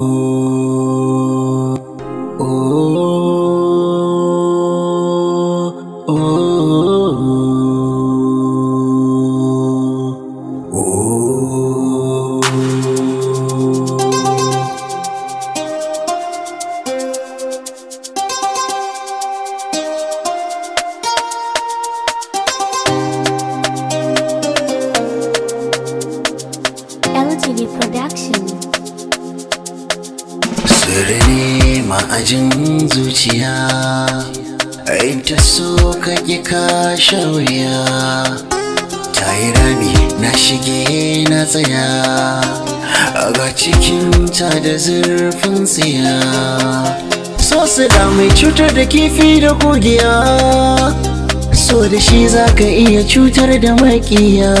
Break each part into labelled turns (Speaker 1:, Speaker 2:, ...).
Speaker 1: Ooh.
Speaker 2: ma'ajin zuciya ai ta so ƙi ka shauriya ta yi rami na shige na tsaya a ga cikinta da zurfin tsiya so su da mai cutar da kifi da kogiya so da shi za ka iya cutar da maƙiya,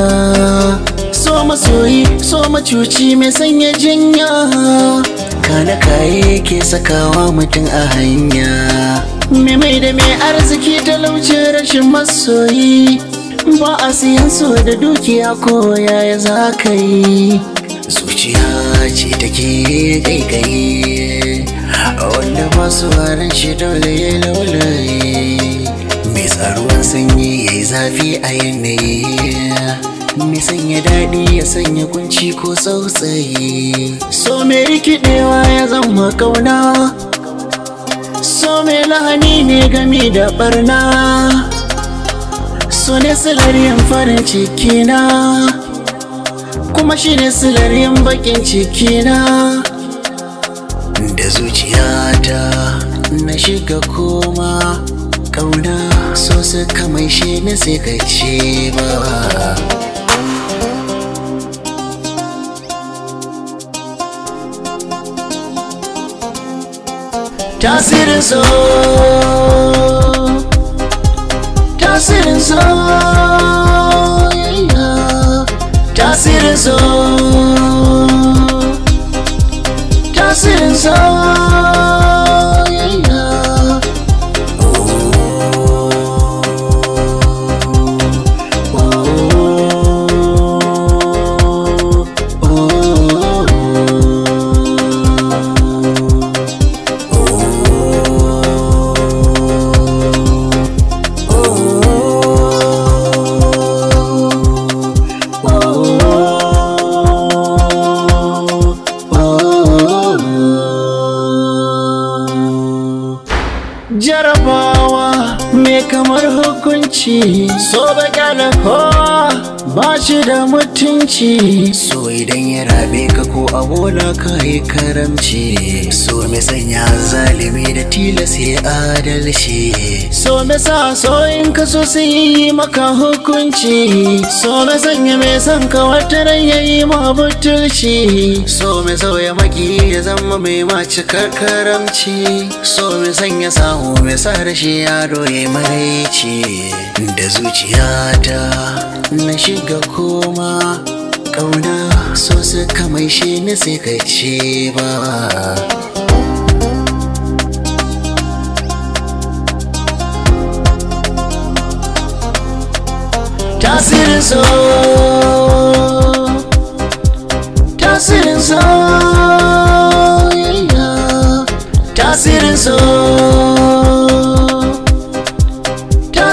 Speaker 2: so masoyi so macuci mai sanya jinya na kayi ke sakawa mutum a hanya me mai da mai arziki talaucin rashin masoyi ba a siyan so da dukiya ko yaya za ka yi zuciya ce take gaigaye wanda masu harin shi dole ya laulaye mai tsaruwan sanyi ya yi zafi a yanayi mai sanya daɗi ya sanya kunci ko tsautsaye so me rikidewa ya zama kauna so me lahani ne gami da ɓarna? so ne yin farin ciki na kuma shi ne silariyan bakin ciki na da zuciyata na shiga koma kauna so suka mai ne sai ka ce ba
Speaker 1: Just it and so Just and so yeah. Just and so Just and so jarabawa me
Speaker 2: kamar hukunci so baka ko ba shi da
Speaker 1: mutunci
Speaker 2: so idan ya rabe ka ko a bola ka yi karamci so me sanya zalimi da tilas ya adalci so me sa so in ka so sai yi maka hukunci so me sanya me san ka wata ran yayi ma butulci so me sauya maki ya zama mai ma cikar karamci so me sanya sahu me sa rashi yaro ne maraice da zuciyata na shiga koma ƙauna so suka mai shi ni sai ka ce ba
Speaker 1: tasirin so tasirin so tasirin so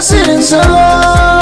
Speaker 1: sitting so long.